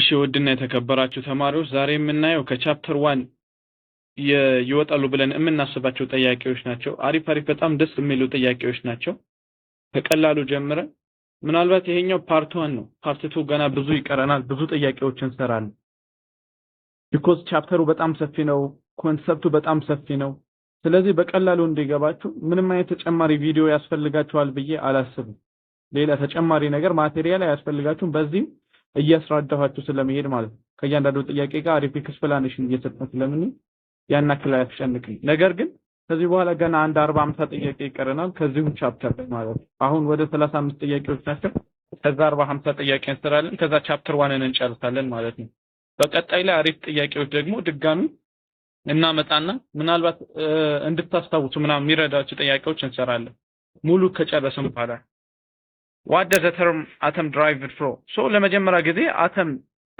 እሺ ውድና የተከበራችሁ ተማሪዎች ዛሬ የምናየው ከቻፕተር ዋን ይወጣሉ ብለን የምናስባቸው ጥያቄዎች ናቸው። አሪፍ አሪፍ በጣም ደስ የሚሉ ጥያቄዎች ናቸው። ከቀላሉ ጀምረን ምናልባት ይሄኛው ፓርት ዋን ነው። ፓርት ቱ ገና ብዙ ይቀረናል። ብዙ ጥያቄዎች እንሰራለን። ቢኮዝ ቻፕተሩ በጣም ሰፊ ነው። ኮንሰፕቱ በጣም ሰፊ ነው። ስለዚህ በቀላሉ እንዲገባችሁ ምንም አይነት ተጨማሪ ቪዲዮ ያስፈልጋችኋል ብዬ አላስብም። ሌላ ተጨማሪ ነገር ማቴሪያል አያስፈልጋችሁም። በዚህም እያስራዳኋቸው ስለመሄድ ማለት ነው። ከእያንዳንዱ ጥያቄ ጋር አሪፍ ኤክስፕላኔሽን እየሰጠን ስለምን ያን ያክል አያስጨንቅም። ነገር ግን ከዚህ በኋላ ገና አንድ አርባ አምሳ ጥያቄ ይቀረናል ከዚሁ ቻፕተር ማለት ነው። አሁን ወደ ሰላሳ አምስት ጥያቄዎች ናቸው። ከዛ አርባ ሀምሳ ጥያቄ እንስራለን። ከዛ ቻፕተር ዋንን እንጨርሳለን ማለት ነው። በቀጣይ ላይ አሪፍ ጥያቄዎች ደግሞ ድጋሚ እናመጣና ምናልባት እንድታስታውሱ ምናምን የሚረዳችሁ ጥያቄዎች እንሰራለን ሙሉ ከጨረስን በኋላ ዋት ደዝ አተም ድራይቭድ ፍሮ ሶ ለመጀመሪያ ጊዜ አተም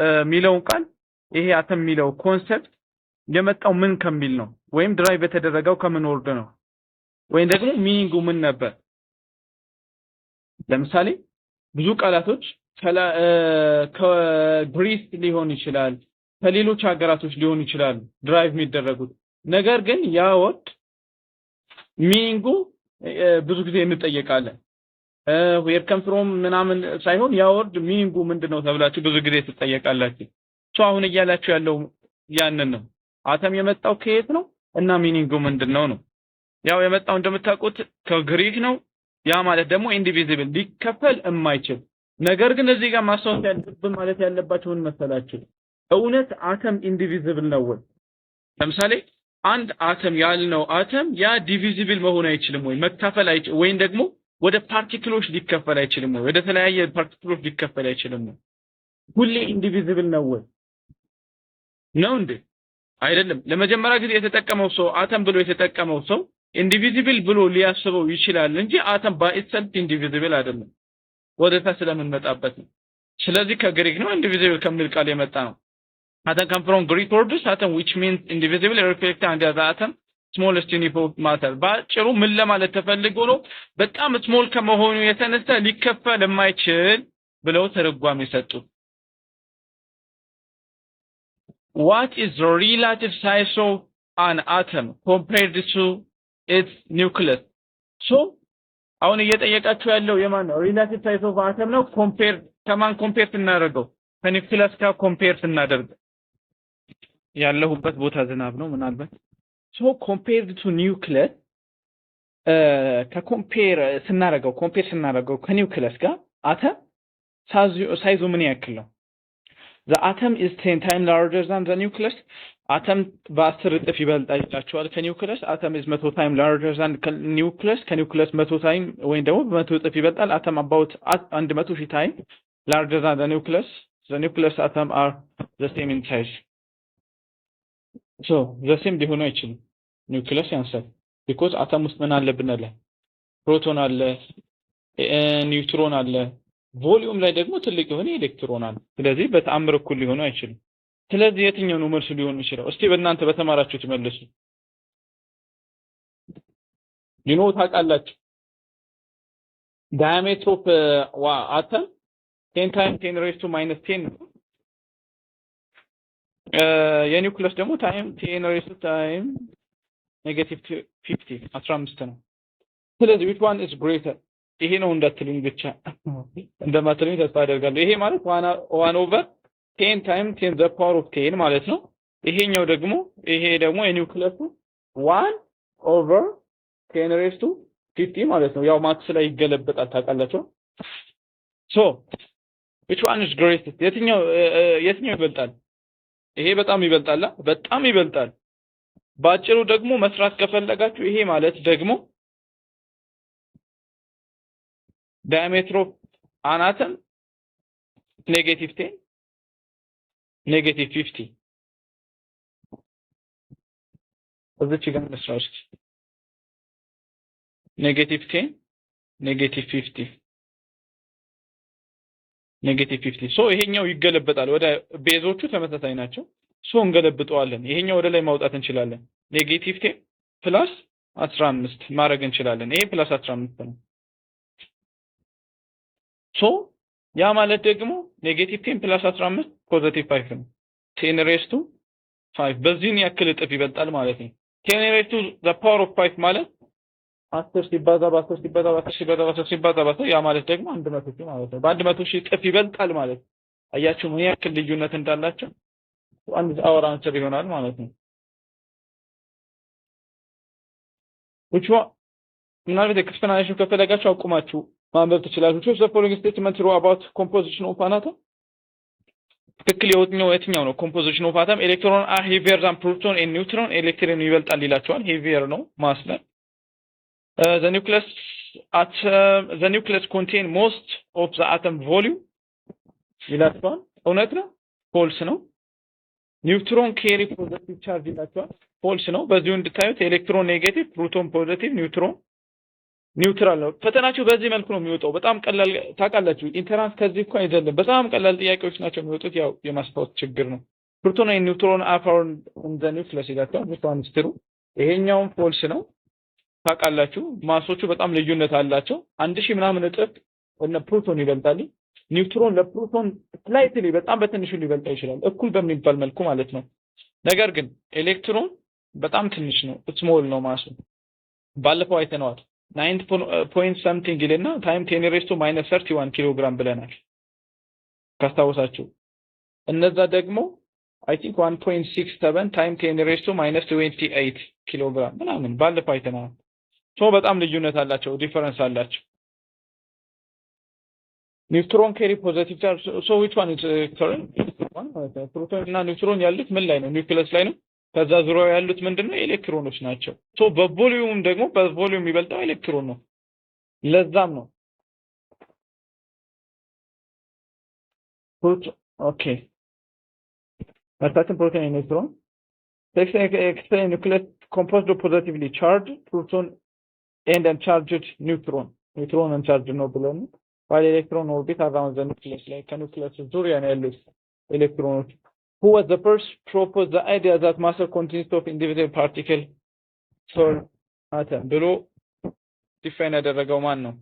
uh, የሚለውን ቃል ይሄ አተም የሚለው ኮንሰፕት የመጣው ምን ከሚል ነው? ወይም ድራይቭ የተደረገው ከምን ወርድ ነው? ወይም ደግሞ ሚኒንጉ ምን ነበር? ለምሳሌ ብዙ ቃላቶች uh, ከግሪስ ሊሆን ይችላል፣ ከሌሎች ሀገራቶች ሊሆን ይችላሉ ድራይቭ የሚደረጉት። ነገር ግን ያ ወርድ ሚኒንጉ uh, ብዙ ጊዜ እንጠየቃለን። ዌር ከም ፍሮም ምናምን ሳይሆን ያ ወርድ ሚኒንጉ ምንድነው ተብላችሁ ብዙ ጊዜ ትጠየቃላችሁ። ሶ አሁን እያላችሁ ያለው ያንን ነው። አተም የመጣው ከየት ነው እና ሚኒንጉ ምንድነው ነው። ያው የመጣው እንደምታውቁት ከግሪክ ነው። ያ ማለት ደግሞ ኢንዲቪዚብል ሊከፈል የማይችል ነገር ግን እዚህ ጋር ማስታወስ ያለብን ማለት ያለባችሁ ምን መሰላችሁ? እውነት አተም ኢንዲቪዚብል ነው ወይ? ለምሳሌ አንድ አተም ያልነው አተም ያ ዲቪዚብል መሆን አይችልም ወይ መካፈል አይችልም ወይም ደግሞ ወደ ፓርቲክሎች ሊከፈል አይችልም ወይ? ወደ ተለያየ ፓርቲክሎች ሊከፈል አይችልም ወይ? ሁሌ ኢንዲቪዚብል ነው ወይ? ነው እንዴ? አይደለም። ለመጀመሪያ ጊዜ የተጠቀመው ሰው አተም ብሎ የተጠቀመው ሰው ኢንዲቪዚብል ብሎ ሊያስበው ይችላል እንጂ አተም ባይሰልፍ ኢንዲቪዚብል አይደለም። ወደታ ስለምንመጣበት ነው። ስለዚህ ከግሪክ ነው ኢንዲቪዚብል ከሚል ቃል የመጣ ነው። አተም ከም ፍሮም ግሪክ ወርድስ አተም ዊች ሚንስ ኢንዲቪዚብል ሪፍሌክት አንድ አተም ስሞለስት ዩኒፎርም ማተር በአጭሩ ምን ለማለት ተፈልጎ ነው? በጣም ስሞል ከመሆኑ የተነሳ ሊከፈል የማይችል ብለው ትርጓሜ ሰጡ። ዋት ኢዝ ዘ ሪላቲቭ ሳይዝ ኦፍ አን አተም ኮምፔርድ ቱ ኢትስ ኒውክለስ ሶ አሁን እየጠየቃችሁ ያለው የማን ነው? ሪላቲቭ ሳይዝ ኦፍ አተም ነው። ኮምፔር ከማን ኮምፔር እናደርገው? ከኒውክለስ ጋር ኮምፔር እናደርግ። ያለሁበት ቦታ ዝናብ ነው ምናልባት ሶ ኮምፔርድ ቱ ኒውክለስ ከኮምፔር ስናረገው ኮምፔር ስናደርገው ከኒውክለስ ጋር አተም ሳይዙ ምን ያክል ነው? ዘ አተም ኢዝ ቴን ታይም ላርጀር ዛን ዘ ኒውክለስ። አተም በአስር እጥፍ ይበልጣል ይላቸዋል ከኒውክለስ። አተም ኢዝ መቶ ታይም ላርጀር ዛን ኒውክለስ። ከኒውክለስ መቶ ታይም ወይም ደግሞ በመቶ እጥፍ ይበልጣል። አተም አባውት አንድ መቶ ሺህ ታይም ላርጀር ዛን ዘ ኒውክለስ። ዘ ኒውክለስ አተም አር ዘ ሴም ኢን ሳይዝ ሶ ዘሴም ሊሆኑ አይችልም ኒውክሊየስ ያንሳል። ቢኮዝ አተም ውስጥ ምን አለ ብናለ ፕሮቶን አለ፣ ኒውትሮን አለ፣ ቮሊዩም ላይ ደግሞ ትልቅ የሆነ ኤሌክትሮን አለ። ስለዚህ በተአምር እኩል ሊሆኑ አይችሉም። ስለዚህ የትኛው ነው መልሱ ሊሆን ይችላል? እስቲ በእናንተ በተማራችሁ ትመልሱ ሊኖ ታውቃላችሁ ዳያሜትር ኦፍ አተም ቴን ታይም ቴን ሬስ ማይነስ ቴን ነው የኒውክለስ ደግሞ ታይም ቴኖሪስ ታይም ኔጌቲቭ ፊፍቲ አስራ አምስት ነው። ስለዚህ ዊች ዋን ኢዝ ግሬተር ይሄ ነው እንዳትሉኝ ብቻ እንደማትሉኝ ተስፋ አደርጋለሁ። ይሄ ማለት ዋን ኦቨር ቴን ታይም ቴን ዘ ፓወር ኦፍ ቴን ማለት ነው። ይሄኛው ደግሞ ይሄ ደግሞ የኒውክለሱ ዋን ኦቨር ቴን ሬስ ቱ ፊፍቲ ማለት ነው። ያው ማክስ ላይ ይገለበጣል ታውቃላችሁ። ሶ ዊች ዋን ኢዝ ግሬተር የትኛው የትኛው ይበልጣል? ይሄ በጣም ይበልጣል፣ በጣም ይበልጣል። በአጭሩ ደግሞ መስራት ከፈለጋችሁ ይሄ ማለት ደግሞ ዳያሜትሮ አናትም ኔጌቲቭ ቴን ኔጌቲቭ ፊፍቲ እዚች ጋር መስራት ኔጌቲቭ ቴን ኔጌቲቭ ፊፍቲ ኔጌቲቭ 50 ሶ ይሄኛው ይገለበጣል። ወደ ቤዞቹ ተመሳሳይ ናቸው። ሶ እንገለብጠዋለን። ይሄኛው ወደ ላይ ማውጣት እንችላለን። ኔጌቲቭ 10 ፕላስ 15 ማድረግ እንችላለን። ይሄ ፕላስ 15 ነው። ሶ ያ ማለት ደግሞ ኔጌቲቭ 10 ፕላስ 15 ፖዚቲቭ 5 ነው። ቴን ሬስቱ 5 በዚህን ያክል እጥፍ ይበልጣል ማለት ነው። ቴን ሬስቱ ዘ ፓወር ኦፍ 5 ማለት አስር ሲባዛ በአስር ሲባዛ በአስር ሲባዛ በአስር ሲባዛ በአስር ያ ማለት ደግሞ አንድ መቶ ሺህ ማለት ነው። በአንድ መቶ ሺህ እጥፍ ይበልጣል ማለት ነው። አያችሁ ምን ያክል ልዩነት እንዳላቸው። አንድ አወር አንስር ይሆናል ማለት ነው። which one ምናልባት ኤክስፕላኔሽን ከፈለጋችሁ አቁማችሁ ማንበብ ትችላላችሁ። ቹዝ ዘ ፎሎዊንግ ስቴትመንት ሩ አባውት ኮምፖዚሽን ኦፍ አናተም ትክክል የትኛው የትኛው ነው? ኮምፖዚሽን ኦፍ አተም ኤሌክትሮን አር ሄቪየር ዛን ፕሮቶን ኤንድ ኒውትሮን ኤሌክትሮን ይበልጣል ይላቸዋል። ሄቪየር ነው ማስለን Uh, the nucleus uh, the nucleus contain most of the atom volume ይላቸዋል። እውነት ነው? ፎልስ ነው። ኒውትሮን ኬሪ ፖዘቲቭ ቻርጅ ይላቸዋል። ፎልስ ነው። በዚሁ እንድታዩት ኤሌክትሮን ኔጌቲቭ፣ ፕሮቶን ፖዘቲቭ፣ ኒውትሮን ኒውትራል ነው። ፈተናችሁ በዚህ መልኩ ነው የሚወጣው። በጣም ቀላል ታውቃላችሁ። ኢንተራንስ ከዚህ እኮ አይደለም። በጣም ቀላል ጥያቄዎች ናቸው የሚወጡት። ያው የማስታወስ ችግር ነው። ፕሮቶን ኒውትሮን አር ፋውንድ ኒውክለስ ይላቸዋል። ቢትዋን ይሄኛውም ፎልስ ነው። ታውቃላችሁ ማሶቹ በጣም ልዩነት አላቸው። አንድ ሺህ ምናምን እጥፍ እነ ፕሮቶን ይበልጣል። ኒውትሮን ለፕሮቶን ስላይትሊ በጣም በትንሹ ሊበልጣ ይችላል፣ እኩል በሚባል መልኩ ማለት ነው። ነገር ግን ኤሌክትሮን በጣም ትንሽ ነው፣ ስሞል ነው ማሱ። ባለፈው አይተነዋል። ናይንት ፖይንት ሰምቲንግ ይልና ታይም ቴን ሬስቶ ማይነስ ሰርቲ ዋን ኪሎ ግራም ብለናል ካስታወሳችሁ። እነዛ ደግሞ አይ ቲንክ ዋን ፖይንት ሲክስ ሰቨን ታይም ቴን ሬስቶ ማይነስ ትዌንቲ ኤይት ኪሎ ግራም ምናምን ባለፈው አይተነዋል። ሶ በጣም ልዩነት አላቸው፣ ዲፈረንስ አላቸው። ኒውትሮን ካሪ ፖዚቲቭ ቻርጅ ሶ ዊች ዋን ኢዝ ፕሮቶን እና ኒውትሮን ያሉት ምን ላይ ነው? ኒውክሊየስ ላይ ነው። ከዛ ዙሪያው ያሉት ምንድነው? ኤሌክትሮኖች ናቸው። ሶ በቮሊዩም ደግሞ በቮሊዩም የሚበልጠው ኤሌክትሮን ነው። ለዛም ነው ኦኬ መርታችን ፕሮቶን ኒውትሮን ኤክስ ኒውክሊየስ ኮምፖዝድ ፖዘቲቭሊ ቻርጅ ፕሮቶን and a charged neutron, neutron charged neutron, while electron orbits around the nucleus, like a nucleus is durian electron. Who was the first to propose the idea that matter consists of individual particles? Sir, atom. Below, define the Ragomano.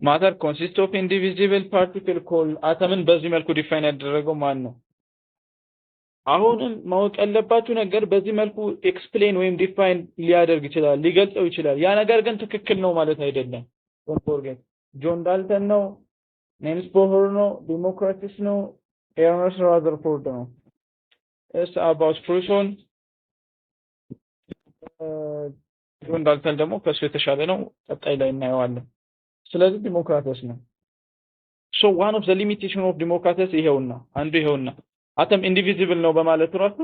Matter consists of indivisible particles called atoms. and basimal could define the Ragomano. አሁንም ማወቅ ያለባችሁ ነገር በዚህ መልኩ ኤክስፕሌን ወይም ዲፋይን ሊያደርግ ይችላል፣ ሊገልጸው ይችላል። ያ ነገር ግን ትክክል ነው ማለት አይደለም። ፎርጌት ጆን ዳልተን ነው፣ ኔልስ ቦሆር ነው፣ ዲሞክራቲስ ነው፣ ኤርነስ ራዘርፎርድ ነው። እስ አባውት ፕሩሶን ጆን ዳልተን ደግሞ ከሱ የተሻለ ነው። ቀጣይ ላይ እናየዋለን። ስለዚህ ዲሞክራቲስ ነው። ሶ ዋን ኦፍ ዘ ሊሚቴሽን ኦፍ ዲሞክራቲስ ይሄውና፣ አንዱ ይሄውና አተም ኢንዲቪዚብል ነው በማለት ራሱ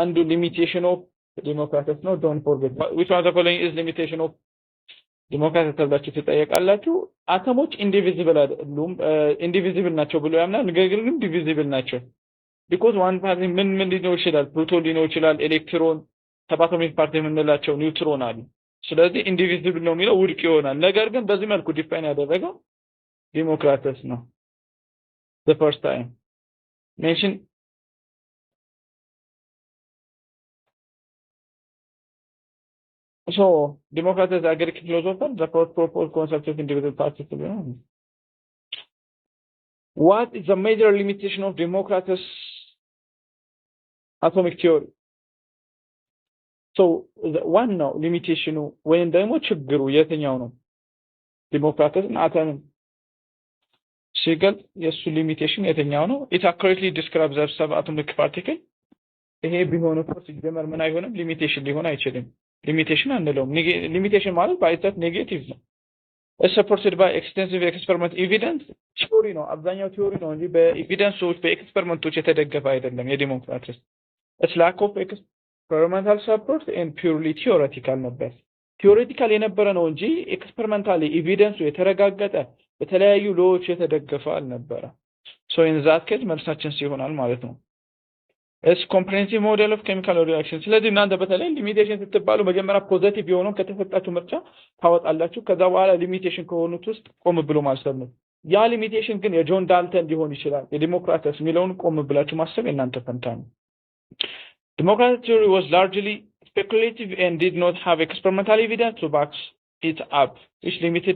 አንዱ ሊሚቴሽን ኦፍ ዲሞክራተስ ነው። ዶንት ፎርጌት ዊች ዋን ዘ ፎሎዊንግ ኢዝ ሊሚቴሽን ኦፍ ዲሞክራተስ ተብላችሁ ትጠየቃላችሁ። አተሞች ኢንዲቪዚብል አይደሉም ኢንዲቪዚብል ናቸው ብሎ ያምናል። ነገር ግን ዲቪዚብል ናቸው። ቢኮዝ ዋን ፓርቲ ምን ምን ሊኖር ይችላል? ፕሮቶን ሊኖር ይችላል፣ ኤሌክትሮን፣ ሰብ አቶሚክ ፓርቲ የምንላቸው ኒውትሮን አሉ። ስለዚህ ኢንዲቪዚብል ነው የሚለው ውድቅ ይሆናል። ነገር ግን በዚህ መልኩ ዲፋይን ያደረገው ዲሞክራተስ ነው ዘ ፈርስት ታይም nation So, Democrats are getting closer to the proposed concept of individual parties. What is the major limitation of Democrats' atomic theory? So, ዋናው ሊሚቴሽኑ ወይም ደግሞ ችግሩ የትኛው ነው? ዲሞክራትን አተም ሲገልጽ የእሱ ሊሚቴሽን የተኛው ነው። ኢት አኩሬትሊ ዲስክራይብ ዘር ሰብ አቶሚክ ፓርቲክል። ይሄ ቢሆን እኮ ሲጀመር ምን አይሆንም፣ ሊሚቴሽን ሊሆን አይችልም። ሊሚቴሽን አንለውም። ሊሚቴሽን ማለት ባይተት ኔጌቲቭ ነው። ሰፖርትድ ባይ ኤክስቴንሲቭ ኤክስፐሪመንት ኤቪደንስ ቲዮሪ ነው። አብዛኛው ቲዮሪ ነው እንጂ በኤቪደንሶች በኤክስፐሪመንቶች የተደገፈ አይደለም። የዲሞክራቲስ ላክ ኦፍ ኤክስፐሪመንታል ሰፖርት ኤን ፒውርሊ ቲዮሬቲካል ነበር። ቲዮሬቲካል የነበረ ነው እንጂ ኤክስፐሪመንታሊ ኤቪደንሱ የተረጋገጠ በተለያዩ ሎዎች የተደገፈ አልነበረ ሶ ኢንዛኬዝ መልሳችን ሲሆናል ማለት ነው እስ ኮምፕሬንሲቭ ሞዴል ኦፍ ኬሚካል ሪአክሽን ስለዚህ እናንተ በተለይ ሊሚቴሽን ስትባሉ መጀመሪያ ፖዘቲቭ የሆነው ከተሰጣችሁ ምርጫ ታወጣላችሁ ከዛ በኋላ ሊሚቴሽን ከሆኑት ውስጥ ቆም ብሎ ማሰብ ነው ያ ሊሚቴሽን ግን የጆን ዳልተን ሊሆን ይችላል የዲሞክራተስ የሚለውን ቆም ብላችሁ ማሰብ የእናንተ ፈንታ ነው ዲሞክራቲ ቲዮሪ ዋዝ ላርጅሊ ስፔኩሌቲቭ and ዲድ ኖት ሃቭ ኤክስፐሪመንታል ኤቪደንስ ቱ ባክስ ኢት up, which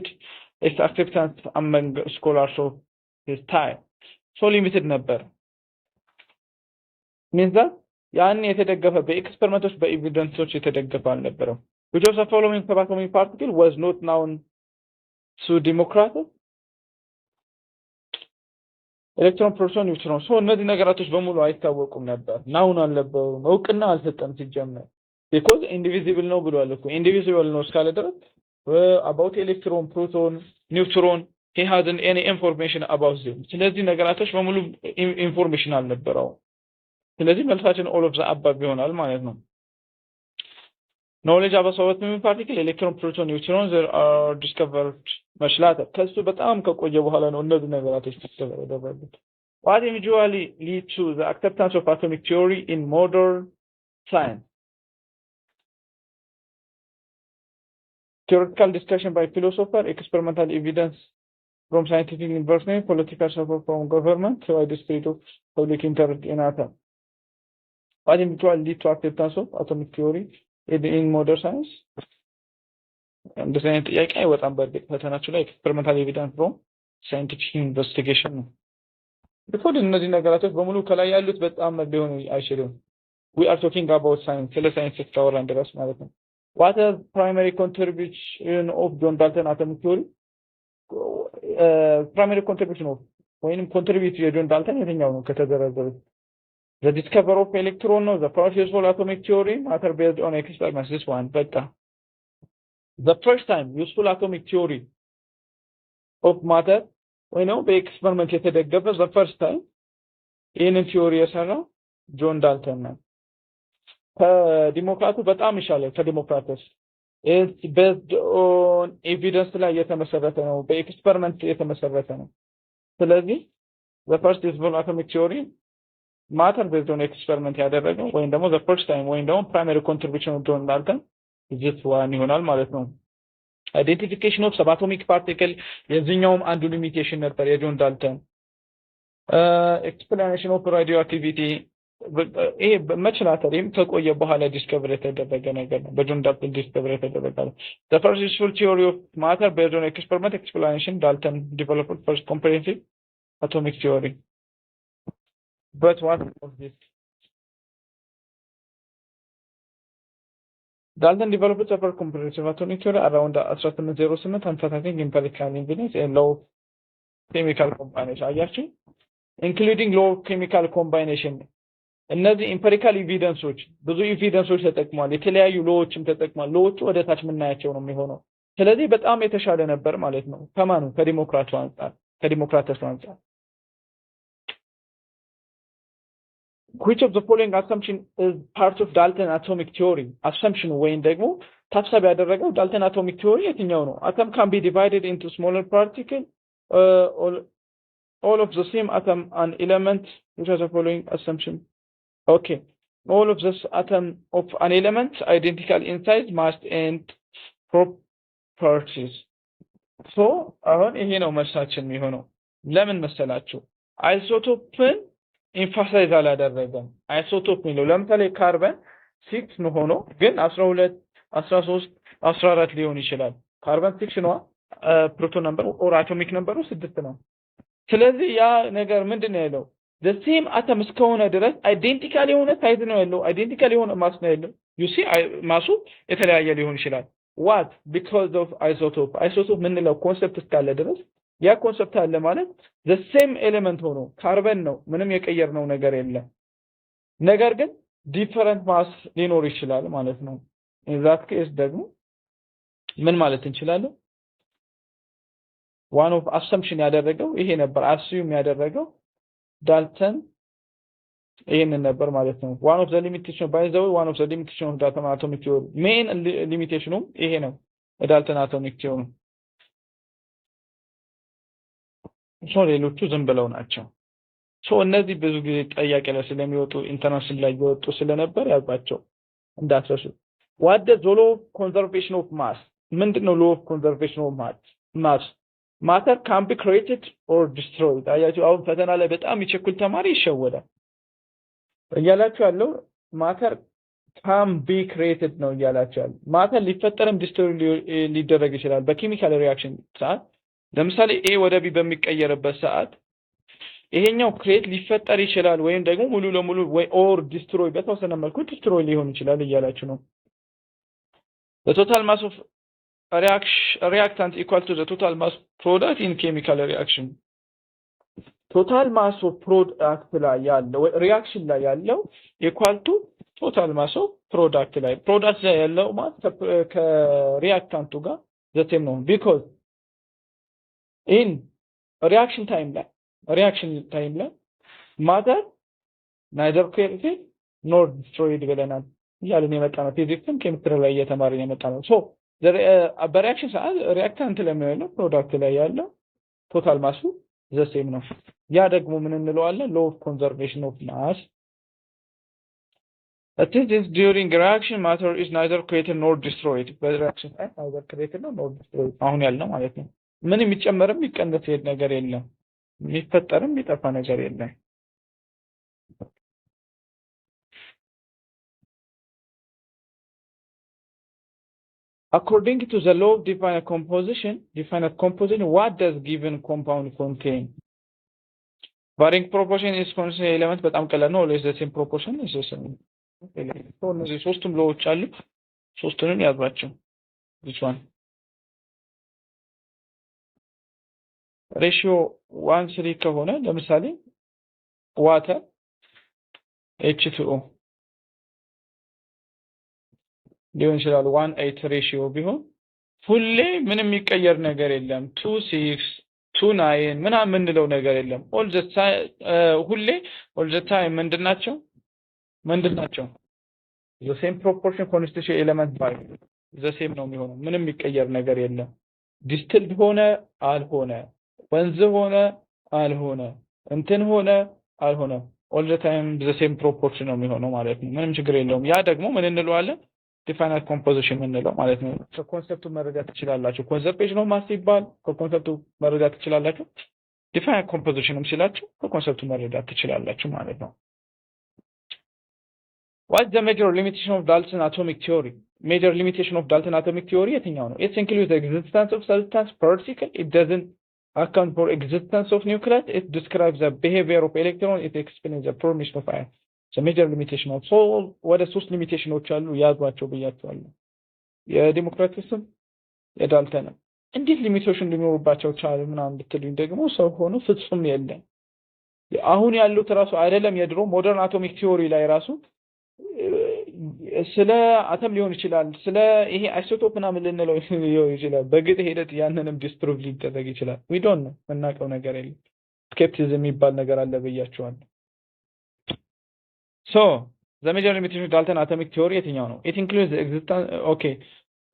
ስ አክሴፕታንስ አመንግ ስኮላርስ ሂዝ ታይም ሶ ሊሚትድ ነበር። ሚንዛት ያን የተደገፈ በኤክስፐሪመንቶች በኤቪደንሶች የተደገፈ አልነበረም። ዊች ኦፍ ዘ ፎሎዊንግ ፐርፎርሚንግ ፓርቲክል ዋዝ ኖት ናውን ሱ ዲሞክራቲክ ኤሌክትሮን ፕሮቶን፣ ኒውትሮን ሶ እነዚህ ነገራቶች በሙሉ አይታወቁም ነበር። ናውን አልነበሩም። እውቅና አልሰጠም ሲጀመር ቢኮዝ ኢንዲቪዚብል ነው ብሏል እኮ ኢንዲቪዚብል ነው እስካለ ድረስ Uh, about electron proton ኒውትሮን he hadn't any information about them ስለዚህ ነገራቶች በሙሉ ኢንፎርሜሽን አልነበረው ስለዚህ መልሳችን ኦል ኦፍ ዘ አባብ ይሆናል ማለት ነው ኖሌጅ አባሰበት ምን ፓርቲክል ኤሌክትሮን ፕሮቶን ኒውትሮን ዘር አር ዲስከቨርድ መሽላተ ከሱ በጣም ከቆየ በኋላ ነው እነዚህ ነገራቶች ዲስከቨር ያደረጉት what eventually lead to the acceptance of atomic theory in modern science theoretical discussion by philosopher, experimental evidence from scientific investigation, political support from government, the spirit of public interest in atom. I it will lead to acceptance of atomic theory in modern science. እንደዚህ አይነት ጥያቄ አይወጣም። በእርግጥ ፈተናችሁ ላይ ኤክስፐሪመንታል ኤቪደንስ ፍሮም ሳይንቲፊክ ኢንቨስቲጌሽን ነው። ቢኮዝ እነዚህ ነገራቶች በሙሉ ከላይ ያሉት በጣም ሊሆኑ አይችልም። ዊ አር ቶኪንግ አባውት ሳይንስ ስለ ሳይንስ ስታወራ እንደራስ ማለት ነው። what is primary contribution of John Dalton atomic theory? Uh, primary contribution of when contribute to John Dalton, anything else? The discovery of electron, the first useful atomic theory, matter based on experiments. This one, but uh, the first time useful atomic theory of matter, we know the experiment the first time in a theory, John Dalton. ከዲሞክራቱ በጣም ይሻላል። ከዲሞክራቶች ቤዝድ ኤቪደንስ ላይ የተመሰረተ ነው፣ በኤክስፐሪመንት የተመሰረተ ነው። ስለዚህ በፈርስት ፈርስት አቶሚክ ቲዮሪ ማተር ቤዝድ ኦን ኤክስፐሪመንት ያደረገው ወይም ደግሞ ዘ ፈርስት ታይም ወይም ደግሞ ፕራይመሪ ኮንትሪቢሽን ኦፍ ዶን ዳልተን ዚስ ዋን ይሆናል ማለት ነው። አይዴንቲፊኬሽን ኦፍ ሰብ አቶሚክ ፓርቲክል የዚህኛውም አንዱ ሊሚቴሽን ነበር የጆን ዳልተን ኤክስፕላኔሽን ኦፍ ራዲዮ አክቲቪቲ ይሄ መችና ታሪም ከቆየ በኋላ ዲስከቨር የተደረገ ነገር ነው። በጆን ዳፕል ዲስከቨር የተደረገ ነው። ዘ ፈርስት ዩስፉል ቲዮሪ ኦፍ ማተር ቤዝድ ኦን ኤክስፐሪመንት ኤክስፕላኔሽን ዳልተን ዲቨሎፕድ ፈርስት ኮምፕሬሄንሲቭ አቶሚክ ቲዮሪ በት ዋን ኦፍ ዲስ ዳልተን ዲቨሎፕድ ፈርስት ኮምፕሬሄንሲቭ አቶሚክ ቲዮሪ አራውንድ 1808 አንፈታቲንግ ኢምፐሪካል ኢንቪደንስ ሎው ኬሚካል ኮምባይኔሽን አያችሁ ኢንክሉዲንግ ሎው ኬሚካል ኮምባይኔሽን እነዚህ ኢምፐሪካል ኢቪደንሶች ብዙ ኢቪደንሶች ተጠቅሟል። የተለያዩ ሎዎችም ተጠቅሟል። ሎዎቹ ወደ ታች የምናያቸው ነው የሚሆነው። ስለዚህ በጣም የተሻለ ነበር ማለት ነው። ከማኑ ከዲሞክራቱ አንጻር ከዲሞክራተሱ አንጻር which of the following assumption is part of Dalton atomic theory assumption ወይም ደግሞ ታብሳብ ያደረገው ዳልተን አቶሚክ ቲዎሪ የትኛው ነው? አተም ካን ቢ ዲቫይደድ ኢንቱ ስሞለር ፓርቲክል ኦል ኦፍ ዘ ሴም አተም አን ኤለመንት which are the following assumption Okay, all of this atom of an element identical in size, mass and properties. ሶ አሁን ይሄ ነው መልሳችን የሚሆነው። ለምን መሰላችሁ? አይሶቶፕን ኢንፋሳይዝ አላደረገም። አይሶቶፕ የሚለው ለምሳሌ ካርበን ሲክስ ሆኖ ግን አስራ ሁለት አስራ ሶስት አስራ አራት ሊሆን ይችላል። ካርበን ሲክስ ነዋ። ፕሮቶን ነምበሩ ኦር አቶሚክ ነምበሩ ስድስት ነው። ስለዚህ ያ ነገር ምንድን ነው ያለው ዘሴም አተም እስከሆነ ድረስ አይዴንቲካል የሆነ ሳይዝ ነው ያለው። አይዴንቲካል የሆነ ማስ ነው ያለው። ዩሲ ማሱ የተለያየ ሊሆን ይችላል። ዋት ቢኮዝ ኦፍ አይሶቶፕ አይሶቶፕ ምንለው ኮንሰፕት እስካለ ድረስ ያ ኮንሰፕት አለ ማለት ዘሴም ኤሌመንት ሆኖ ካርበን ነው ምንም የቀየር ነው ነገር የለም። ነገር ግን ዲፈረንት ማስ ሊኖር ይችላል ማለት ነው። ኢንዛት ኬስ ደግሞ ምን ማለት እንችላለን? ዋን ኦፍ አሰምፕሽን ያደረገው ይሄ ነበር። አስዩም ያደረገው ዳልተን ይህንን ነበር ማለት ነው። ዋን ኦፍ ዘ ሊሚቴሽን ባይ ዘ ወይ ዋን ኦፍ ዘ ሊሚቴሽን ኦፍ ዳልተን አቶሚክ ቲዮሪ ሜን ሊሚቴሽኑም ይሄ ነው። ዳልተን አቶሚክ ቲዮሪ ሶ ሌሎቹ ዝም ብለው ናቸው። ሶ እነዚህ ብዙ ጊዜ ጠያቄ ላይ ስለሚወጡ ኢንተርናሽናል ላይ እየወጡ ስለነበር ያውቋቸው እንዳትረሱ። ዋደ ዞሎ ኮንዘርቬሽን ኦፍ ማስ ምንድነው? ሎ ኦፍ ኮንዘርቬሽን ኦፍ ማስ ማተር ካን ቢ ክሬትድ ኦር ዲስትሮይድ። አያችሁ አሁን ፈተና ላይ በጣም የሚቸኩል ተማሪ ይሸወዳል። እያላችሁ ያለው ማተር ካን ቢ ክሬትድ ነው እያላችሁ ያለው ማተር ሊፈጠርም ዲስትሮይ ሊደረግ ይችላል በኬሚካል ሪያክሽን ሰዓት። ለምሳሌ ኤ ወደ ቢ በሚቀየርበት ሰዓት ይሄኛው ክሬት ሊፈጠር ይችላል ወይም ደግሞ ሙሉ ለሙሉ ወይ ኦር ዲስትሮይ በተወሰነ መልኩ ዲስትሮይ ሊሆን ይችላል እያላችሁ ነው። በቶታል ማስ ኦፍ a, a reactant equal to the total mass product in chemical reaction ቶታል ማስ ኦፍ ፕሮዳክት ላይ ያለው ሪያክሽን ላይ ያለው ኢኳል ቱ ቶታል ማስ ኦፍ ፕሮዳክት ላይ ፕሮዳክት ላይ ያለው ማለት ከሪያክታንቱ ጋር ዘቴም ነው ቢኮዝ ኢን ሪያክሽን ታይም ላይ ሪያክሽን ታይም ላይ ማተር ናይደር ክሬትድ ኖር ዲስትሮይድ ብለናል እያልን የመጣ ነው ፊዚክስም ኬሚስትሪ ላይ እየተማርን የመጣ ነው ሶ Uh, uh, በሪያክሽን ሰዓት ሪያክታንት ያለው ፕሮዳክት ላይ ያለው ቶታል ማሱ ዘሴም ነው። ያ ደግሞ ምን እንለዋለን? ሎ ኦፍ ኮንዘርቬሽን ኦፍ ማስ አትስ ዲሪንግ ሪያክሽን ማተር ኢዝ ናይዘር ክሬትድ ኖር ዲስትሮይድ። በሪያክሽን ሰዓት ናይዘር ክሬትድ ነው ኖር ዲስትሮይድ አሁን ያልነው ማለት ነው። ምን የሚጨመርም የሚቀነስ ነገር የለም፣ የሚፈጠርም የሚጠፋ ነገር የለም። According to the law, define a composition, define a composition, what does given compound contain? Varying proportion is constant element but ቀላል proportion is the same ሌስ ዘሴም እነዚህ one? ሎዎች አሉ። ሶስቱንም ያዟቸው። ዚችን ሬሽዮ ዋን ስሪ ከሆነ ሊሆን ይችላል። ዋን ኤይት ሬሽዮ ቢሆን ሁሌ ምንም የሚቀየር ነገር የለም። ቱ ሲክስ ቱ ናይን ምናምን የምንለው ነገር የለም። uh, ሁሌ ኦል ዘ ታይም ምንድን ናቸው ምንድን ናቸው? ፕሮፖርሽን ኮንስቲቱሽን ኤሌመንት ባይ ሴም ነው የሚሆነው። ምንም የሚቀየር ነገር የለም። ዲስትልድ ሆነ አልሆነ፣ ወንዝ ሆነ አልሆነ፣ እንትን ሆነ አልሆነ፣ ኦል ዘ ታይም ዘሴም ፕሮፖርሽን ነው የሚሆነው ማለት ነው። ምንም ችግር የለውም። ያ ደግሞ ምን እንለዋለን ዲፋይነር ኮምፖዚሽን የምንለው ማለት ነው። ከኮንሰፕቱ መረዳት ትችላላችሁ። ኮንሰፕት ፔጅ ነው ማስ ይባል ከኮንሰፕቱ መረዳት ትችላላችሁ። ዲፋይነር ኮምፖዚሽንም ሲላችሁ ከኮንሰፕቱ መረዳት ትችላላችሁ ማለት ነው። ዋት ዘ ሜጀር ሊሚቴሽን ኦፍ ዳልተን አቶሚክ ቲዮሪ? ሜጀር ሊሚቴሽን ኦፍ ዳልተን አቶሚክ ቲዮሪ የትኛው ነው? ኢትስ ኢንክሉድ ኤግዚስተንስ ኦፍ ሰብስታንስ ፓርቲክል ኢት ደዝንት አካውንት ፎር ኤግዚስተንስ ኦፍ ኒውክሊየስ ኢት ዲስክራይብ ዘ ቢሄቪየር ኦፍ ኤሌክትሮን ኢት ኤክስፕሌን ዘ ፕሮሚስ ኦፍ አየር ሜጀር ሊሚቴሽን ሶ ወደ ሶስት ሊሚቴሽኖች አሉ ያዟቸው ብያቸዋለሁ። የዲሞክራቲስም የዳልተንም እንዴት ሊሚቴሽን ሊኖሩባቸው ቻለ ምናምን ብትሉኝ ደግሞ ሰው ሆኖ ፍጹም የለም። አሁን ያሉት ራሱ አይደለም የድሮ ሞደርን አቶሚክ ቲዮሪ ላይ ራሱ ስለ አተም ሊሆን ይችላል ስለ ይሄ አይሶቶፕ ምናምን ልንለው ሊሆን ይችላል። በግጥ ሂደት ያንንም ዲስፕሩቭ ሊደረግ ይችላል። ዊዶን ነው የምናውቀው ነገር የለም። ስኬፕቲዝም የሚባል ነገር አለ ብያቸዋለሁ። ሶ the major limitation of Dalton atomic theory የትኛው ነው? it includes the existence okay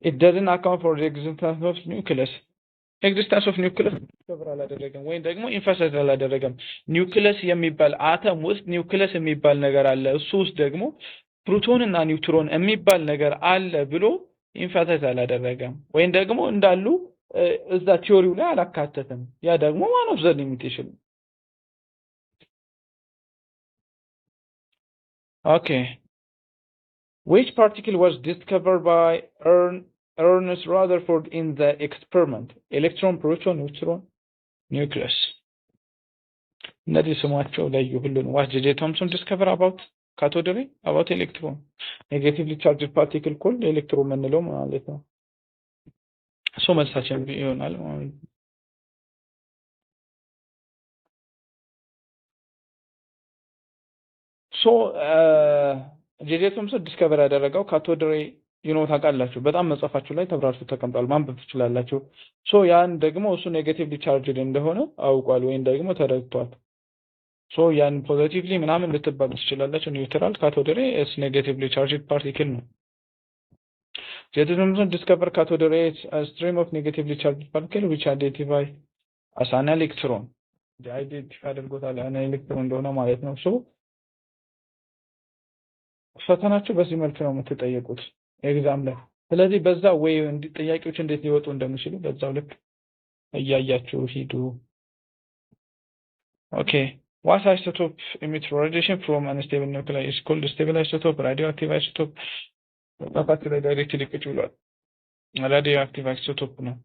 it doesn't account for the existence of nucleus ኤግዚስተንስ ኦፍ ኒውክለስ ዲስከቨር አላደረገም ወይም ደግሞ ኢንፈሳይዝ አላደረገም። ኒውክለስ የሚባል አተም ውስጥ ኒውክለስ የሚባል ነገር አለ፣ እሱ ውስጥ ደግሞ ፕሮቶን እና ኒውትሮን የሚባል ነገር አለ ብሎ ኢንፈሳይዝ አላደረገም ወይም ደግሞ እንዳሉ እዛ ቲዮሪው ላይ አላካተትም። ያ ደግሞ ዋን ኦፍ ዘ ሊሚቴሽን Okay. Which particle was discovered by Ernest Rutherford in the experiment? Electron, proton, neutron, nucleus. That is so much of that you will learn. What J.J. Thompson discover about cathode ray? About electron. Negatively charged particle called electron. And So much such a ሶ ጄጄቶም ስድስት ዲስከቨር ያደረገው ካቶድሬ ዩኖ ታውቃላችሁ። በጣም መጽሐፋችሁ ላይ ተብራርቶ ተቀምጧል፣ ማንበብ ትችላላችሁ። ሶ ያን ደግሞ እሱ ኔጌቲቭ ቻርጅድ እንደሆነ አውቋል ወይም ደግሞ ተረድቷል። ሶ ያን ፖዘቲቭሊ ምናምን ልትባል ትችላላችሁ። ኒውትራል ካቶድሬ ስ ኔጌቲቭ ቻርጅድ ፓርቲክል ነው። ጄጄቶምስን ዲስከቨር ካቶድሬ ስትሪም ኦፍ ኔጌቲቭ ቻርጅድ ፓርቲክል ዊች አይዴንቲፋይ አሳን ኤሌክትሮን አይዴንቲፋይ አድርጎታል። አን ኤሌክትሮን እንደሆነ ማለት ነው ሶ ፈተናችሁ በዚህ መልክ ነው የምትጠየቁት ኤግዛም ላይ። ስለዚህ በዛ ወይ ጥያቄዎች እንዴት ሊወጡ እንደሚችሉ በዛው ልክ እያያችሁ ሂዱ። ኦኬ ዋት አይሶቶፕ ኢሚት ራዲዬሽን ፍሮም አንስቴብል ኒውክለር ኢዝ ኮልድ ስቴብል አይሶቶፕ፣ ራዲዮ አክቲቭ አይሶቶፕ። በፋክት ላይ ዳይሬክትሊ ቁጭ ብሏል። ራዲዮ አክቲቭ አይሶቶፕ ነው።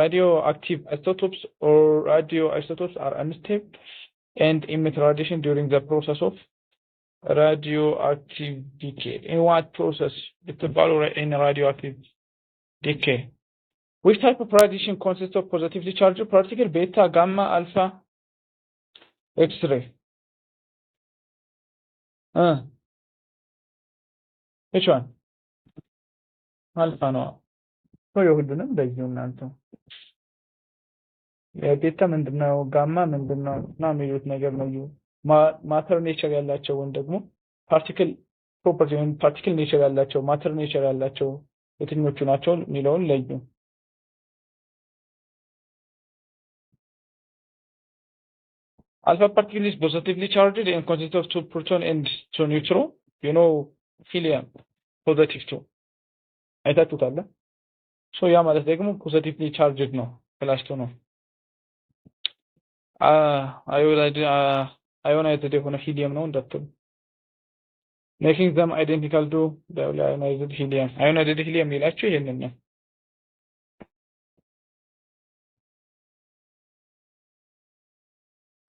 ራዲዮ አክቲቭ አይሶቶፕስ ኦር ራዲዮ አይሶቶፕስ አር አንስቴብል ኤንድ ኢሚት ራዲዬሽን ዲዩሪንግ ዘ ፕሮሰስ ኦፍ radioactive decay. In what process? It's about in radioactive decay. Which type of radiation consists of positively charged particle, beta, gamma, alpha, X-ray? Uh, which one? አልፋ ነው ነው የሁሉንም እንደዚሁ እናንተ የቤታ ምንድነው ጋማ ምንድነው እና የሚሉት ነገር ነው ማተር ኔቸር ያላቸው ወይም ደግሞ ፓርቲክል ፕሮፐርቲ ወይም ፓርቲክል ኔቸር ያላቸው ማተር ኔቸር ያላቸው የትኞቹ ናቸው የሚለውን ለዩ። አልፋ ፓርቲክል is ፖዘቲቭሊ ቻርጅድ and consists ኦፍ ቱ ፕሮቶን and ቱ ኒውትሮ You know, helium, positive two. አይታችሁታል። ሶ ያ ማለት ደግሞ ፖዘቲቭሊ ቻርጅድ ነው፣ ፕላስ ቱ ነው። ወላጅ ah, ionized কোনো helium known daptun making them identical to the ionized helium ionized helium ይላችሁ ይሄንን ነው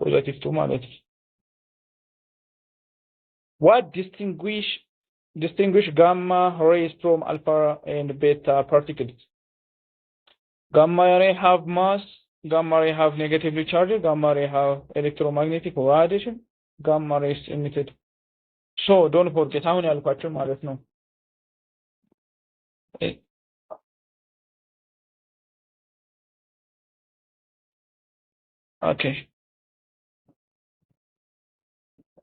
ፖዘቲቭ ቱ ማለት ነው what distinguish distinguish gamma rays from alpha and beta particles gamma rays have mass gamma ray have negatively charged, gamma ray have electromagnetic radiation, gamma ray is emitted. So don't forget how አሁን ያልኳቸው ማለት ነው። Okay.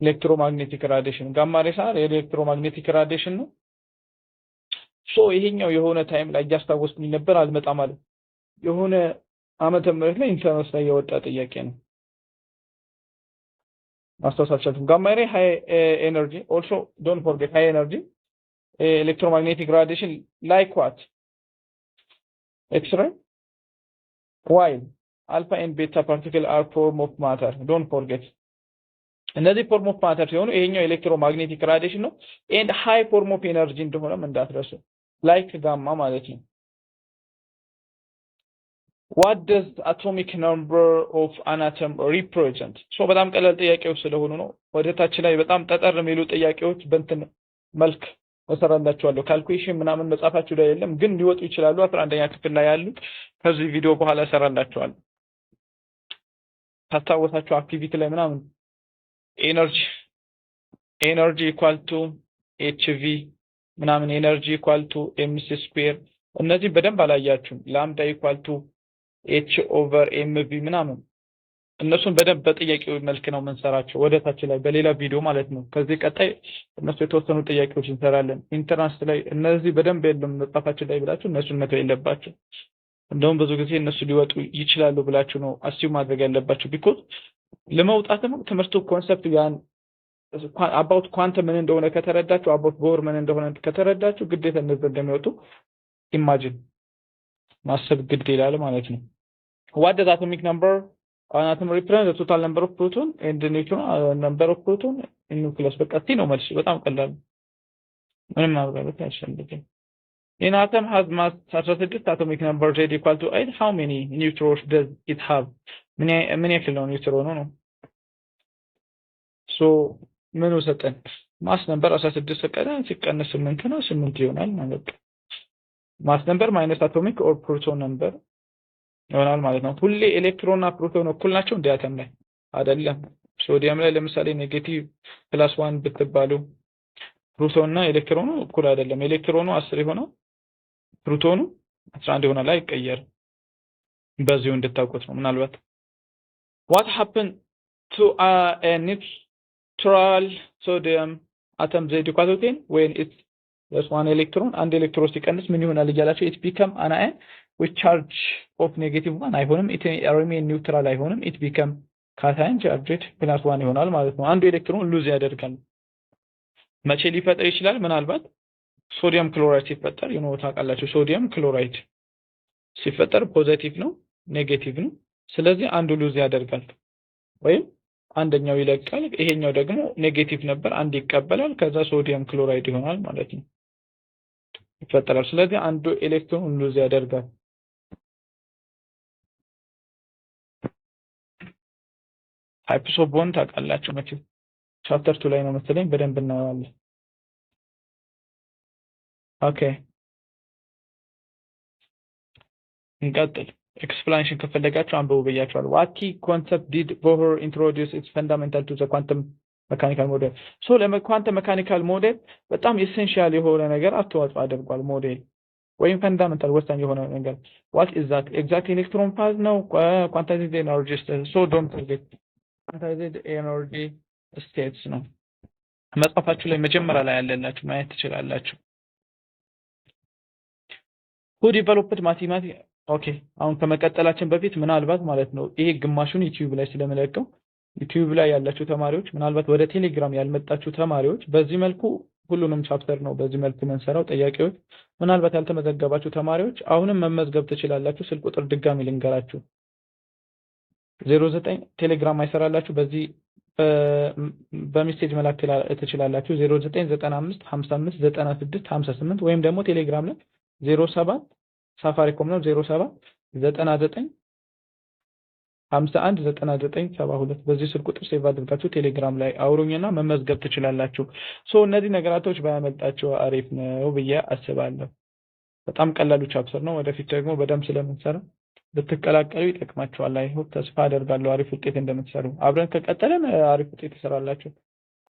ኤሌክትሮማግኔቲክ ራዲሽን ጋማ ሬስ አይደል? ኤሌክትሮማግኔቲክ ራዲሽን ነው። ሶ ይሄኛው የሆነ ታይም ላይ እያስታወስኩኝ ነበር አልመጣም አለ የሆነ ዓመተ ምህረት ላይ ኢንፍሉዌንስ ላይ የወጣ ጥያቄ ነው። ማስታወሳችሁም ጋማ ሬ ሃይ ኤነርጂ ኦልሶ ዶንት ፎርጌት ሃይ ኤነርጂ ኤሌክትሮማግኔቲክ ራዲሽን ላይክ ዋት ኤክስሬ ዋይል አልፋ ኤንድ ቤታ ፓርቲክል አር ፎርም ኦፍ ማተር ዶንት ፎርጌት እነዚህ ፎርም ኦፍ ማተር ሲሆኑ ይሄኛው ኤሌክትሮማግኔቲክ ራዲሽን ነው ኤንድ ሃይ ፎርም ኦፍ ኤነርጂ እንደሆነም እንዳትረሱ ላይክ ጋማ ማለት ነው። what does atomic number of an atom represent? ሶ በጣም ቀላል ጥያቄዎች ስለሆኑ ነው። ወደ ታች ላይ በጣም ጠጠር የሚሉ ጥያቄዎች በእንትን መልክ እሰራላችኋለሁ። ካልኩሌሽን ምናምን መጻፋችሁ ላይ የለም፣ ግን ሊወጡ ይችላሉ። አስራ አንደኛ ክፍል ላይ ያሉ ከዚህ ቪዲዮ በኋላ እሰራላችኋለሁ። ታስታወሳችሁ አክቲቪቲ ላይ ምናምን ኤነርጂ ኤነርጂ ኢኳል ቱ ኤችቪ ምናምን ኤነርጂ ኢኳል ቱ ኤምሲ ስኩዌር እነዚህ በደንብ አላያችሁም። ላምዳ ኢኳል ቱ ኤች ኦቨር ኤም ቪ ምናምን እነሱን በደንብ በጥያቄ መልክ ነው የምንሰራቸው ወደታች ላይ በሌላ ቪዲዮ ማለት ነው። ከዚህ ቀጣይ እነሱ የተወሰኑ ጥያቄዎች እንሰራለን። ኢንትራንስ ላይ እነዚህ በደንብ የለም መጽሐፋችን ላይ ብላችሁ እነሱን መተው የለባቸው። እንደውም ብዙ ጊዜ እነሱ ሊወጡ ይችላሉ ብላችሁ ነው አስዩ ማድረግ ያለባችሁ። ቢኮዝ ለመውጣትም ትምህርቱ ኮንሰፕት ያን አባውት ኳንት ምን እንደሆነ ከተረዳችሁ፣ አባውት ቦር ምን እንደሆነ ከተረዳችሁ ግዴታ እነዚህ እንደሚወጡ ኢማጂን ማሰብ ግድ ይላል ማለት ነው። what does atomic number an atom represent? The total number of proton and the neutron uh, number of proton in nucleus በቃ ቲ ነው መልስ። በጣም ቀላል ምንም ማብራራት አያስፈልግም። in atom has mass such as this atomic number Z equal to 8. How many neutrons does it have? ምን ያክል ነው ኒውትሮኑ ነው? so ምኑ ሰጠን? ማስ ነምበር 16 ሰጠን። ሲቀነስ 8 ነው፣ 8 ይሆናል ማለት ነው። ማስ ነምበር ማይነስ አቶሚክ ኦር ፕሮቶን ነምበር ይሆናል ማለት ነው። ሁሌ ኤሌክትሮንና ፕሮቶን እኩል ናቸው እንደ አተም ላይ አይደለም። ሶዲየም ላይ ለምሳሌ ኔጌቲቭ ፕላስ ዋን ብትባሉ ፕሮቶንና ኤሌክትሮኑ እኩል አይደለም። ኤሌክትሮኑ አስር የሆነው ፕሮቶኑ አስራ አንድ የሆነ ላይ ይቀየር። በዚሁ እንድታውቁት ነው። ምናልባት ዋት ሀፕን ቱ ኤ ኒውትራል ሶዲየም አተም ዘይ ዲኳቶቴን ወይን ኢትስ ዋን ኤሌክትሮን አንድ ኤሌክትሮን ሲቀንስ ምን ይሆናል እያላቸው ኢት ቢከም አን with charge of negative one አይሆንም it remain neutral አይሆንም it become cation charged plus one ይሆናል ማለት ነው። አንዱ ኤሌክትሮን ሉዝ ያደርጋል። መቼ ሊፈጠር ይችላል? ምናልባት ሶዲየም ክሎራይድ ሲፈጠር ዩኖ ታውቃላችሁ፣ ሶዲየም ክሎራይድ ሲፈጠር ፖዘቲቭ ነው ኔጌቲቭ ነው። ስለዚህ አንዱ ሉዝ ያደርጋል ወይም አንደኛው ይለቃል፣ ይሄኛው ደግሞ ኔጌቲቭ ነበር፣ አንድ ይቀበላል፣ ከዛ ሶዲየም ክሎራይድ ይሆናል ማለት ነው ይፈጠራል። ስለዚህ አንዱ ኤሌክትሮን ሉዝ ያደርጋል። ሃይፕሶ ቦን ቦንድ ታውቃላችሁ መቼ ቻፕተር ቱ ላይ ነው መሰለኝ በደንብ እናወራለን። ኦኬ እንቀጥል። ኤክስፕላኔሽን ከፈለጋችሁ አንብቡ ብያችኋል። ዋት ኮንሰፕት ዲድ ቦር ኢንትሮዲውስ ኢትስ ፈንዳሜንታል ቱ ዘ ኳንተም መካኒካል ሞዴል። ሶ ለኳንተም መካኒካል ሞዴል በጣም ኤሴንሻል የሆነ ነገር አስተዋጽኦ አድርጓል። ሞዴል ወይም ፈንዳሜንታል ወሳኝ የሆነ ነገር ዋት ኢዝ ኤግዛክት ኤሌክትሮን ፓዝ ነው ኳንታይዜሽን ኦር ሶ ዶንት ፎርጌት ፓራታይዝድ ኤኖርጂ ስቴትስ ነው። መጽሐፋችሁ ላይ መጀመሪያ ላይ ያለላችሁ ማየት ትችላላችሁ። ሁ ዲቨሎፕድ ማቴማቲክ ኦኬ። አሁን ከመቀጠላችን በፊት ምናልባት ማለት ነው ይሄ ግማሹን ዩቲዩብ ላይ ስለምለቀው ዩቲዩብ ላይ ያላችሁ ተማሪዎች ምናልባት ወደ ቴሌግራም ያልመጣችሁ ተማሪዎች በዚህ መልኩ ሁሉንም ቻፕተር ነው በዚህ መልኩ የምንሰራው። ጥያቄዎች ምናልባት ያልተመዘገባችሁ ተማሪዎች አሁንም መመዝገብ ትችላላችሁ። ስልክ ቁጥር ድጋሚ ልንገራችሁ ዜሮ ዘጠኝ ቴሌግራም አይሰራላችሁ በዚህ በሜሴጅ መላክ ትችላላችሁ። 0995559658 ወይም ደግሞ ቴሌግራም ላይ 07 ሳፋሪኮም ነው 07 99 በዚህ ስልክ ቁጥር ሴቭ አድርጋችሁ ቴሌግራም ላይ አውሩኝና መመዝገብ ትችላላችሁ። ሶ እነዚህ ነገራቶች ባያመልጣቸው አሪፍ ነው ብዬ አስባለሁ። በጣም ቀላሉ ቻፕተር ነው። ወደፊት ደግሞ በደም ስለምንሰራ ብትቀላቀሉ ይጠቅማቸዋል። አይ ተስፋ አደርጋለሁ አሪፍ ውጤት እንደምትሰሩ። አብረን ከቀጠለን አሪፍ ውጤት ትሰራላችሁ።